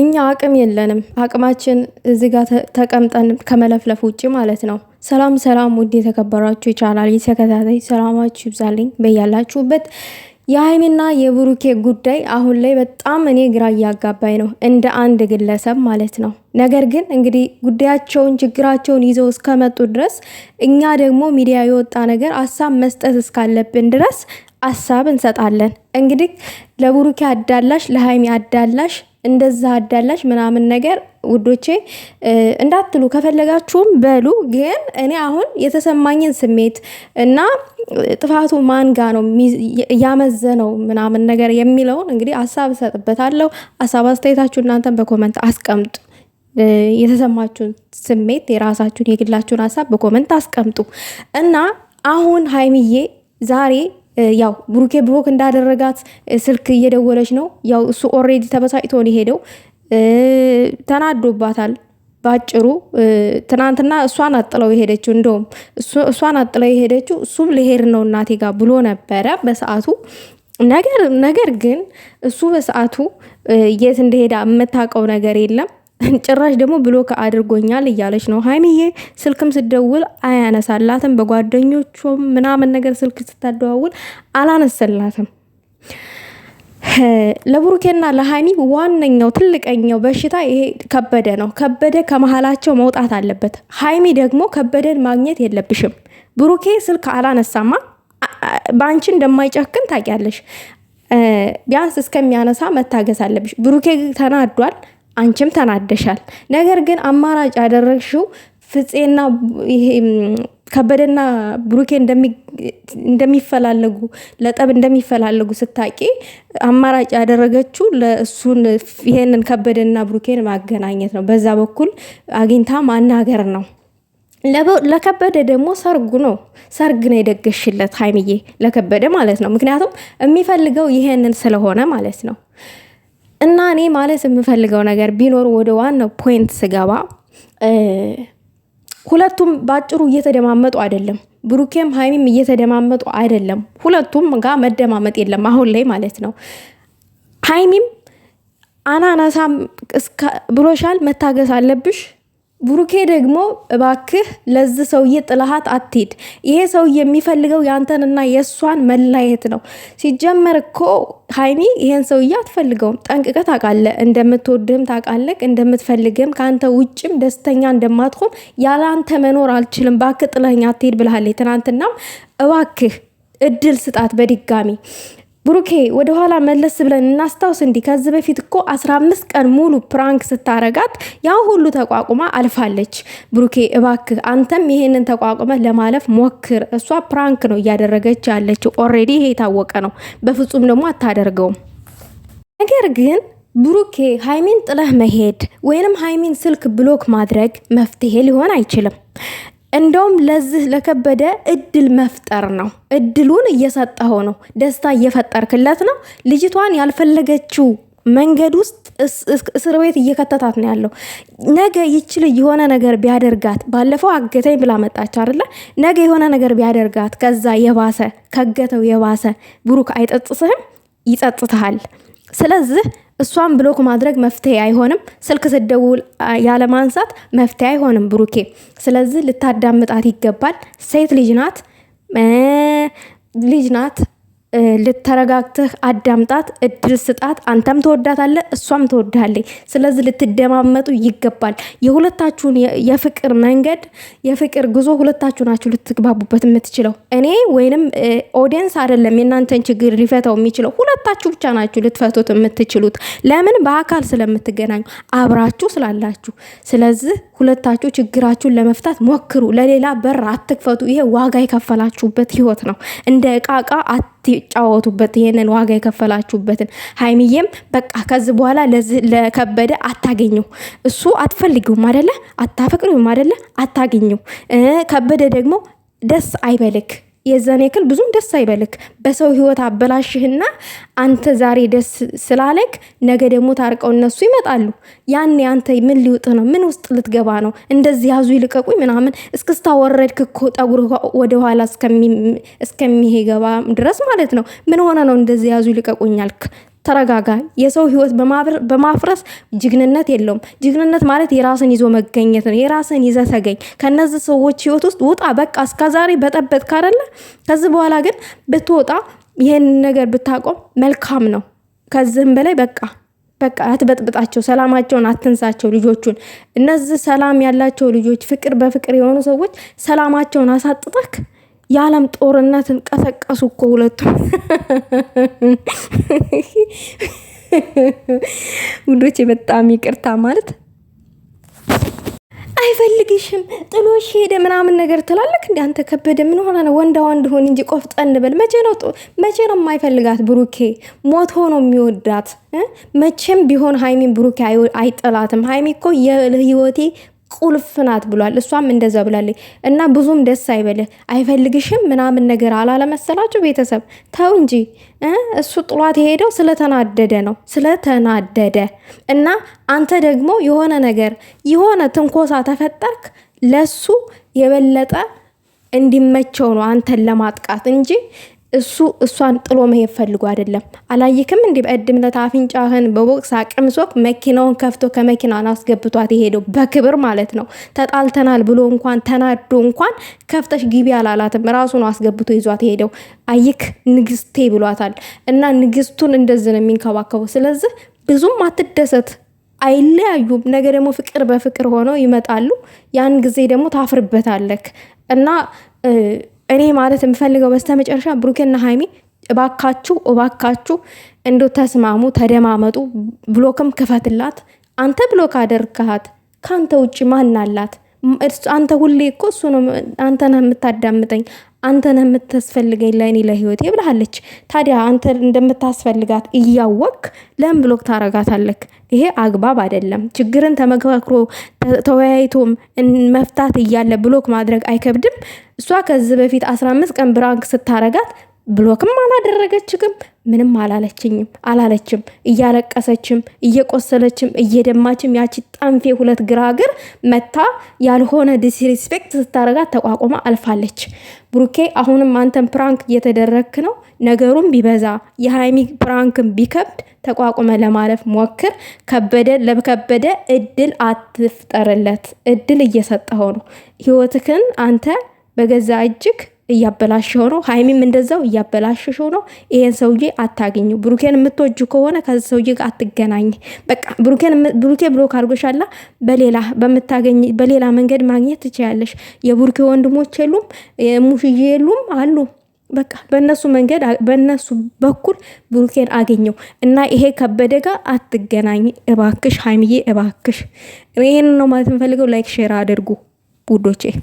እኛ አቅም የለንም። አቅማችን እዚህ ጋር ተቀምጠን ከመለፍለፍ ውጭ ማለት ነው። ሰላም ሰላም፣ ውድ የተከበራችሁ ይቻላል የተከታታይ ሰላማችሁ ይብዛልኝ በያላችሁበት። የሀይሚና የብሩኬ ጉዳይ አሁን ላይ በጣም እኔ ግራ እያጋባኝ ነው፣ እንደ አንድ ግለሰብ ማለት ነው። ነገር ግን እንግዲህ ጉዳያቸውን ችግራቸውን ይዘው እስከመጡ ድረስ እኛ ደግሞ ሚዲያ የወጣ ነገር ሀሳብ መስጠት እስካለብን ድረስ ሀሳብ እንሰጣለን። እንግዲህ ለብሩኬ አዳላሽ፣ ለሀይሚ አዳላሽ እንደዛ አዳላሽ ምናምን ነገር ውዶቼ እንዳትሉ ከፈለጋችሁም በሉ። ግን እኔ አሁን የተሰማኝን ስሜት እና ጥፋቱ ማንጋ ነው እያመዘነው ምናምን ነገር የሚለውን እንግዲህ ሀሳብ እሰጥበታለሁ። ሀሳብ አስተያየታችሁ እናንተን በኮመንት አስቀምጡ። የተሰማችሁን ስሜት የራሳችሁን የግላችሁን ሀሳብ በኮመንት አስቀምጡ እና አሁን ሀይሚዬ ዛሬ ያው ብሩኬ ብሮክ እንዳደረጋት ስልክ እየደወለች ነው። ያው እሱ ኦሬዲ ተበሳጭቶ ነው ሄደው ተናዶባታል። ባጭሩ ትናንትና እሷን አጥለው የሄደችው እንደውም እሷን አጥለው የሄደችው እሱም ልሄድ ነው እናቴ ጋር ብሎ ነበረ በሰዓቱ ነገር ነገር ግን እሱ በሰዓቱ የት እንደሄደ የምታውቀው ነገር የለም። ጭራሽ ደግሞ ብሎክ አድርጎኛል እያለች ነው ሀይሚዬ። ስልክም ስደውል አያነሳላትም። በጓደኞቹም ምናምን ነገር ስልክ ስታደዋውል አላነሰላትም። ለብሩኬና ለሀይሚ ዋነኛው ትልቀኛው በሽታ ይሄ ከበደ ነው። ከበደ ከመሀላቸው መውጣት አለበት። ሀይሚ ደግሞ ከበደን ማግኘት የለብሽም። ብሩኬ ስልክ አላነሳማ በአንቺ እንደማይጨክን ታውቂያለሽ። ቢያንስ እስከሚያነሳ መታገስ አለብሽ። ብሩኬ ተናዷል። አንቺም ተናደሻል። ነገር ግን አማራጭ ያደረግሽው ፍፄና ከበደና ብሩኬ እንደሚፈላለጉ ለጠብ እንደሚፈላለጉ ስታቂ አማራጭ ያደረገችው ለእሱን ይሄንን ከበደና ብሩኬን ማገናኘት ነው። በዛ በኩል አግኝታ ማናገር ነው። ለከበደ ደግሞ ሰርጉ ነው። ሰርግ ነው የደገሽለት ሀይምዬ፣ ለከበደ ማለት ነው። ምክንያቱም የሚፈልገው ይሄንን ስለሆነ ማለት ነው። እና እኔ ማለት የምፈልገው ነገር ቢኖር ወደ ዋናው ፖይንት ስገባ ሁለቱም በአጭሩ እየተደማመጡ አይደለም። ብሩኬም ሀይሚም እየተደማመጡ አይደለም። ሁለቱም ጋር መደማመጥ የለም አሁን ላይ ማለት ነው። ሀይሚም አናናሳም ብሎሻል፣ መታገስ አለብሽ ብሩኬ ደግሞ እባክህ ለዚህ ሰውዬ ጥላሃት አትሄድ ይሄ ሰውዬ የሚፈልገው የአንተንና የእሷን መላየት ነው። ሲጀመር እኮ ሀይሚ ይሄን ሰውዬ አትፈልገውም። ጠንቅቀ ታቃለ እንደምትወድህም ታቃለቅ እንደምትፈልግህም ከአንተ ውጭም ደስተኛ እንደማትሆን ያለ አንተ መኖር አልችልም፣ እባክህ ጥለኸኝ አትሄድ ብልሃለች። ትናንትናም እባክህ እድል ስጣት በድጋሚ ብሩኬ ወደኋላ መለስ ብለን እናስታውስ። እንዲህ ከዚህ በፊት እኮ 15 ቀን ሙሉ ፕራንክ ስታረጋት ያ ሁሉ ተቋቁማ አልፋለች። ብሩኬ እባክህ አንተም ይሄንን ተቋቁመ ለማለፍ ሞክር። እሷ ፕራንክ ነው እያደረገች ያለችው። ኦሬዲ ይሄ የታወቀ ነው። በፍጹም ደግሞ አታደርገውም። ነገር ግን ብሩኬ ሃይሚን ጥለህ መሄድ ወይንም ሃይሚን ስልክ ብሎክ ማድረግ መፍትሄ ሊሆን አይችልም። እንደውም ለዚህ ለከበደ እድል መፍጠር ነው። እድሉን እየሰጠኸው ነው። ደስታ እየፈጠርክለት ነው። ልጅቷን ያልፈለገችው መንገድ ውስጥ እስር ቤት እየከተታት ነው ያለው። ነገ ይችል የሆነ ነገር ቢያደርጋት ባለፈው አገተኝ ብላ መጣች አይደለ? ነገ የሆነ ነገር ቢያደርጋት ከዛ የባሰ ከገተው የባሰ ብሩክ አይጠጥስህም፣ ይጸጥትሃል። ስለዚህ እሷን ብሎክ ማድረግ መፍትሄ አይሆንም። ስልክ ስደውል ያለማንሳት መፍትሄ አይሆንም ብሩኬ። ስለዚህ ልታዳምጣት ይገባል። ሴት ልጅ ናት፣ ልጅ ናት። ልተረጋግተህ አዳምጣት፣ እድል ስጣት። አንተም ትወዳታለህ፣ እሷም ትወዳለች። ስለዚህ ልትደማመጡ ይገባል። የሁለታችሁን የፍቅር መንገድ የፍቅር ጉዞ ሁለታችሁ ናችሁ ልትግባቡበት የምትችለው። እኔ ወይንም ኦዲየንስ አይደለም የእናንተን ችግር ሊፈታው የሚችለው ሁለታችሁ ብቻ ናችሁ ልትፈቱት የምትችሉት። ለምን? በአካል ስለምትገናኙ አብራችሁ ስላላችሁ። ስለዚህ ሁለታችሁ ችግራችሁን ለመፍታት ሞክሩ። ለሌላ በር አትክፈቱ። ይሄ ዋጋ የከፈላችሁበት ህይወት ነው። እንደ እቃ እቃ አትጫወቱበት፣ ይሄንን ዋጋ የከፈላችሁበትን። ሀይሚዬም በቃ ከዚህ በኋላ ለከበደ አታገኘው። እሱ አትፈልጊውም አደለ፣ አታፈቅሪውም አደለ፣ አታገኘው። ከበደ ደግሞ ደስ አይበልክ። የዛን ያክል ብዙም ደስ አይበልክ። በሰው ህይወት አበላሽህና አንተ ዛሬ ደስ ስላለክ ነገ ደግሞ ታርቀው እነሱ ይመጣሉ። ያኔ አንተ ምን ሊውጥ ነው? ምን ውስጥ ልትገባ ነው? እንደዚህ ያዙ ይልቀቁኝ ምናምን እስክስታ ወረድክ እኮ ጠጉር ወደኋላ እስከሚሄ ገባ ድረስ ማለት ነው። ምን ሆነ ነው እንደዚህ ያዙ ይልቀቁኝ አልክ? ተረጋጋ። የሰው ህይወት በማፍረስ ጅግንነት የለውም። ጅግንነት ማለት የራስን ይዞ መገኘት ነው። የራስን ይዘ ተገኝ። ከነዚህ ሰዎች ህይወት ውስጥ ውጣ። በቃ እስከዛሬ በጠበት አይደለ? ከዚህ በኋላ ግን ብትወጣ፣ ይህን ነገር ብታቆም መልካም ነው። ከዚህም በላይ በቃ በቃ አትበጥብጣቸው። ሰላማቸውን አትንሳቸው ልጆቹን። እነዚህ ሰላም ያላቸው ልጆች፣ ፍቅር በፍቅር የሆኑ ሰዎች ሰላማቸውን አሳጥጠክ የዓለም ጦርነትን ቀሰቀሱ እኮ ሁለቱ። ውዶቼ በጣም ይቅርታ ማለት አይፈልግሽም ጥሎሽ ሄደ ምናምን ነገር ትላለክ። እንደ አንተ ከበደ ምን ሆነ ነው? ወንዳ ወንድ ሆን እንጂ ቆፍጠን በል። መቼ ነው መቼ ነው የማይፈልጋት? ብሩኬ ሞት ሆኖ የሚወዳት መቼም ቢሆን ሀይሚን ብሩኬ አይጠላትም። ሀይሚ እኮ የህይወቴ ቁልፍ ናት ብሏል። እሷም እንደዛ ብላለች እና ብዙም ደስ አይበልህ አይፈልግሽም ምናምን ነገር አላለመሰላችሁ ቤተሰብ ተው እንጂ እሱ ጥሏት የሄደው ስለተናደደ ነው ስለተናደደ እና አንተ ደግሞ የሆነ ነገር የሆነ ትንኮሳ ተፈጠርክ ለሱ የበለጠ እንዲመቸው ነው አንተን ለማጥቃት እንጂ እሱ እሷን ጥሎ መሄድ ፈልጎ አይደለም። አላየክም እንዲ በእድም ለታፍንጫህን በቦቅስ አቅምሶክ መኪናውን ከፍቶ ከመኪናን አስገብቷት የሄደው በክብር ማለት ነው። ተጣልተናል ብሎ እንኳን ተናዶ እንኳን ከፍተሽ ግቢ አላላትም። ራሱ ነው አስገብቶ ይዟት የሄደው። አይክ ንግስቴ ብሏታል። እና ንግስቱን እንደዚህ ነው የሚንከባከበው። ስለዚህ ብዙም አትደሰት። አይለያዩም። ነገ ደግሞ ፍቅር በፍቅር ሆነው ይመጣሉ። ያን ጊዜ ደግሞ ታፍርበታለክ እና እኔ ማለት የምፈልገው በስተመጨረሻ ብሩኬና ሀይሚ እባካችሁ እባካችሁ እንዶ ተስማሙ፣ ተደማመጡ። ብሎክም ክፈትላት። አንተ ብሎክ አደርግሃት። ከአንተ ውጭ ማን አላት? አንተ ሁሌ እኮ እሱ ነው። አንተን የምታዳምጠኝ አንተን የምታስፈልገኝ ለእኔ ለህይወቴ ብልሃለች። ታዲያ አንተ እንደምታስፈልጋት እያወቅ ለምን ብሎክ ታረጋታለክ? ይሄ አግባብ አይደለም። ችግርን ተመካክሮ ተወያይቶም መፍታት እያለ ብሎክ ማድረግ አይከብድም? እሷ ከዚህ በፊት አስራ አምስት ቀን ብራንክ ስታረጋት ብሎክም አላደረገችግም ምንም አላለችኝም አላለችም። እያለቀሰችም እየቆሰለችም እየደማችም ያቺ ጠንፌ ሁለት ግራግር መታ ያልሆነ ዲስሪስፔክት ስታረጋት ተቋቁማ አልፋለች። ብሩኬ አሁንም አንተን ፕራንክ እየተደረግክ ነው። ነገሩም ቢበዛ የሃይሚ ፕራንክን ቢከብድ ተቋቁመ ለማለፍ ሞክር። ከበደ ለከበደ እድል አትፍጠርለት። እድል እየሰጠኸው ነው። ህይወትክን አንተ በገዛ እጅግ እያበላሸው ነው። ሀይሚም እንደዛው እያበላሸሽው ነው። ይሄን ሰውዬ አታገኙ። ብሩኬን የምትወጁ ከሆነ ከዚ ሰውዬ ጋር አትገናኝ። በቃ ብሩኬ ብሎ ካርጎሻላ በሌላ በምታገኝ በሌላ መንገድ ማግኘት ትችያለሽ። የብሩኬ ወንድሞች የሉም ሙሽዬ የሉም አሉ በቃ በእነሱ መንገድ በእነሱ በኩል ብሩኬን አገኘው እና ይሄ ከበደ ጋር አትገናኝ እባክሽ ሀይሚዬ እባክሽ። ይህን ነው ማለት የምፈልገው። ላይክ ሼር አድርጉ ቡዶቼ።